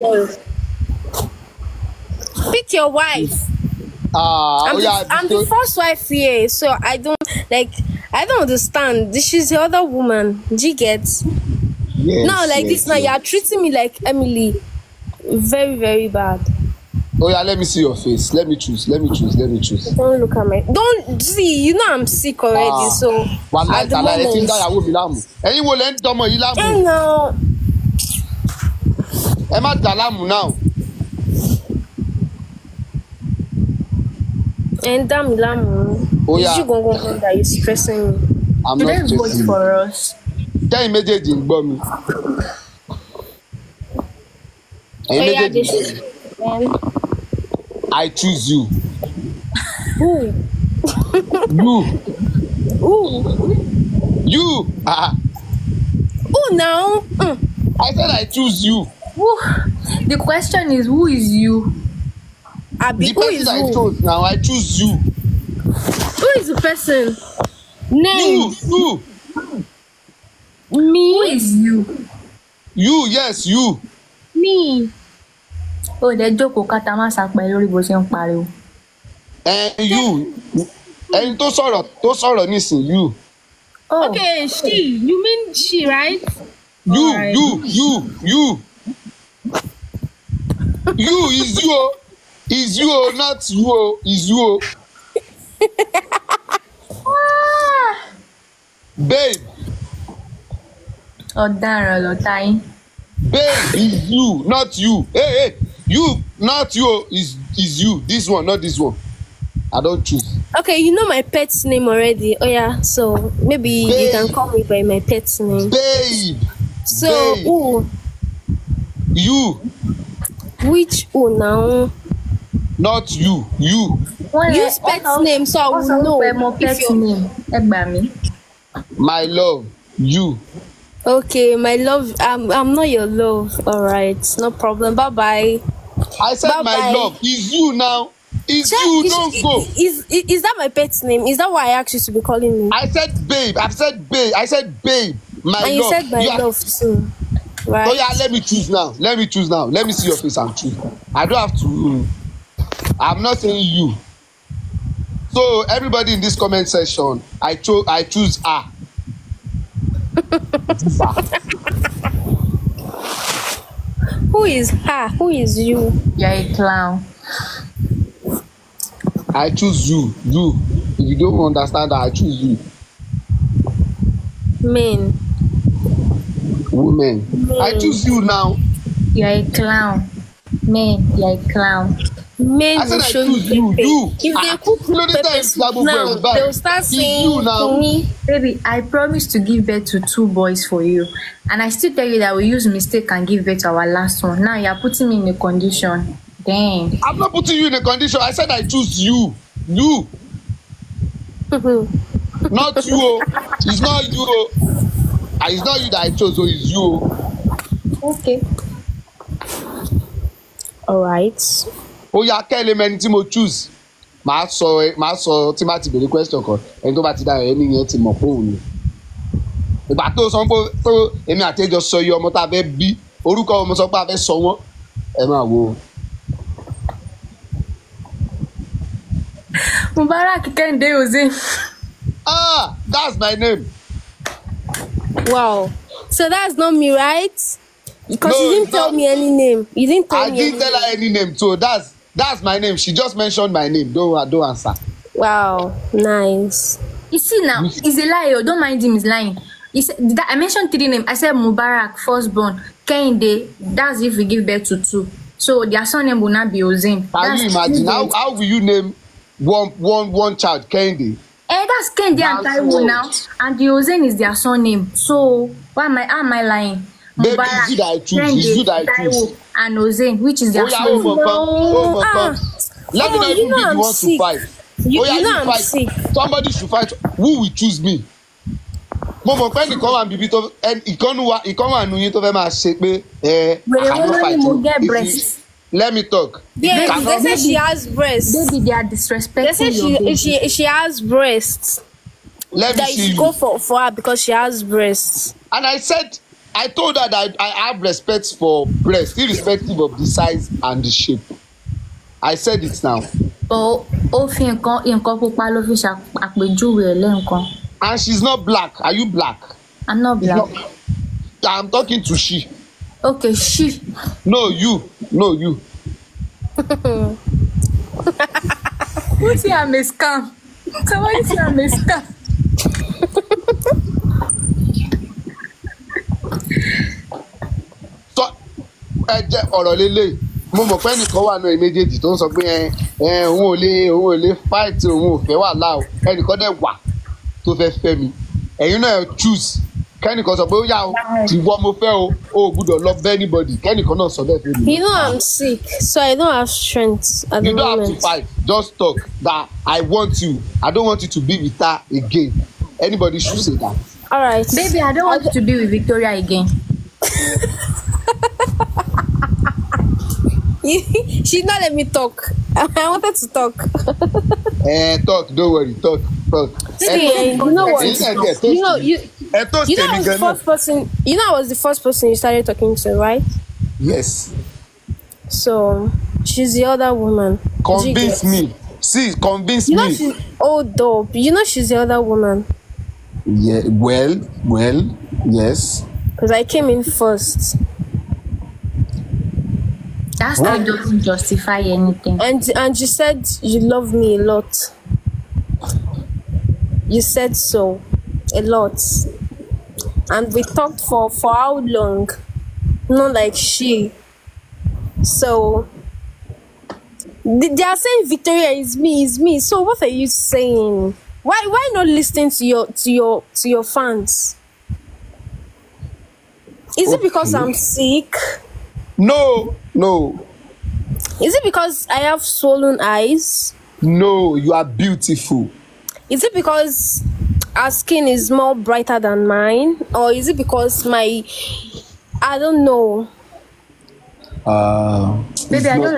Pick your wife. Ah, I'm, oh yeah, the, I'm the first wife here, so I don't like. I don't understand. This is the other woman. She gets. Yes, now, like yes, this, now you are treating me like Emily. Very, very bad. Oh yeah, let me see your face. Let me choose. Let me choose. Let me choose. Don't look at my. Don't see. You know I'm sick already, ah, so. Wàhálà ìtàlá ẹ ti ń dá ìyàwó mi láàmú. Ẹ̀yin wo lẹ́ ń dọmọ yìí láàmú? ẹ má dà láàmú náà o. ẹ ń dá mi láàmú ojú gangan kan dà yìí sí fẹsẹ̀ yìí today is good for us. kẹ́yìn méjèèjì ń gbọ́ mi. ẹ̀yin méjèèjì ń gbọ́ mi. I choose you. Ooh. you. Ooh. You. Ah. Ooh, now. Mm. I said I choose you. Who, the question is who is you? Abi, the who person I chose now, I choose you. Who is the person? Name. You, you. Me. Who is you? You, yes, you. Me. O dẹ̀ jókòó kátà má sàpẹ́ lórí bó ṣe ń pariwo. Ẹ you ẹni tó sọ̀rọ̀ tó sọ̀rọ̀ nísìn you. Oh. Okay, she, you mean she, right? You, right. you, you, you you is you o oh. is you o oh, not you o oh. is you o. babe. ọ̀daràn lọ́tà yín. babe is you not you hey hey you not you o is is you this one not this one i don choose. okay you know my pet's name already oya oh, yeah, so maybe babe. you can call me by my pet's name. babe so babe. who. you Which una? Not you, you. Well, Use pet also, name so I will know if your name. Egbami. My love, you. Okay, my love, I'm I'm not your love. All right, no problem. Bye bye. I said bye my bye. love is you now. Is Jack, you is, don't go. Is, is is that my pet's name? Is that why I actually should be calling me? I said babe. I said babe. I said babe. My and love. And you said my you love are, too. Right. So oh, yeah, let me choose now. Let me choose now. Let me see your face and choose. I don't have to. Um, I'm not saying you. So everybody in this comment section, I chose. I choose her. Who is her? Who is you? You're a clown. I choose you. You. If you don't understand that, I choose you. Mean women. Men. I choose you now. You're a clown. Men, you're a clown. Men I will show you you. you. If they ah. cook you know now, they will start saying to me, baby, I promise to give birth to two boys for you. And I still tell you that we use mistake and give birth to our last one. Now you are putting me in a condition. Damn. I'm not putting you in a condition. I said I choose you. You. not you. Oh. It's not you. Oh. Ah, it's not you that I chose, so it's you. Okay. All right. Ó yá kẹ́lẹ́ mẹ́ni tí mo choose. Màá sọ màá sọ tí màá ti béèrè question kan. Ẹni tó bá ti dára ẹni yẹn ti mọ̀ pé òun ni. Ìgbà tó sọ pé tó èmi àti ẹjọ́ sọ iye ọmọ tá a fẹ́ bí orúkọ ọmọ sọ pé a fẹ́ sọ wọ́n. Ẹ máa wo. Mubarak Kẹ́hìndé Ose. Ah, that's my name. Wow. So that's not me, right? Because no, you didn't tell me any name. You didn't tell I me. I didn't tell name. her any name. So that's that's my name. She just mentioned my name. Don't uh, don't answer. Wow, nice. You see now, he's a liar. Don't mind him. He's lying. He said, I mentioned three names. I said Mubarak, firstborn, Kehinde. That's if we give birth to two. So their surname will not be Ozim. Can you imagine? How, how will you name one, one, one child, Kehinde? Eh, that's Kende and Taiwo now, and the Ozen is their surname. So why am I am I lying? Mubarak, Kende, Taiwo, and Ozen, which is their oh, yeah, oh, oh, oh, no. overcome. Ah. Let oh, me you know be the I'm one sick. to fight. You, oh, yeah, you know you I'm fight. sick. Somebody should fight. Who will choose me? mo mọ̀ pé nìkan wà and tó come and wa come and you tó fẹ́ máa ṣe pé ẹ eh, àná fight. wèrè wọn ló ní mo get breast let me talk. yeah, they say she has breasts. Baby, they are disrespecting they say she, baby. She, she has breasts. Let that me see you. go for, for her because she has breasts. And I said, I told her that I, I have respect for breasts, irrespective of the size and the shape. I said it now. Oh, ó fi nǹkan nǹkan pupa ló fi ṣàpèjúwe And she's not black. Are you black? I'm not black. Not, I'm talking to she. Okay, she. No, you. No, you. Who say I'm a scam? Somebody say I'm a scam. Tọ́ ẹ jẹ́ ọ̀rọ̀ lélẹ̀ mo mọ̀ pé ẹnìkan wà náà méjèèjì tó ń sọ pé òun ò lè òun ò lè fight òun ò fẹ́ wà láò ẹnìkan dẹ̀ wà tó fẹ́ fẹ́ mi ẹ̀yin náà choose kẹ́nìkan sọ pé ó yá o tìwọ mo fẹ́ o ò gbúdọ̀ lọ bẹ́ anybody kẹ́nìkan náà sọ bẹ́ẹ̀ fún mi. you know i'm sick so i don't have strength at the moment. you don't have to fight just talk that i want you i don't want you to be with her again anybody should say that. all right baby i don't want you to be with victoria again. she not let me talk. I wanted to talk. uh, talk, don't worry, talk, talk. See, anyway, you know what? You know, you, You know, I was the first person. you know I was the first person you started talking to right. yes. so she's the other woman. convince me see convince you know me. you know she's old oh, up you know she's the other woman. yeah well well yes. because I came in first. That well, doesn't justify anything. And and you said you love me a lot. You said so a lot and we talked for for how long not like she so they are saying victoria is me is me so what are you saying why why not listening to your to your to your fans is okay. it because i'm sick no no is it because i have swollen eyes no you are beautiful is it because her skin is more brighter than mine or is it because my i don't know uh maybe i don't like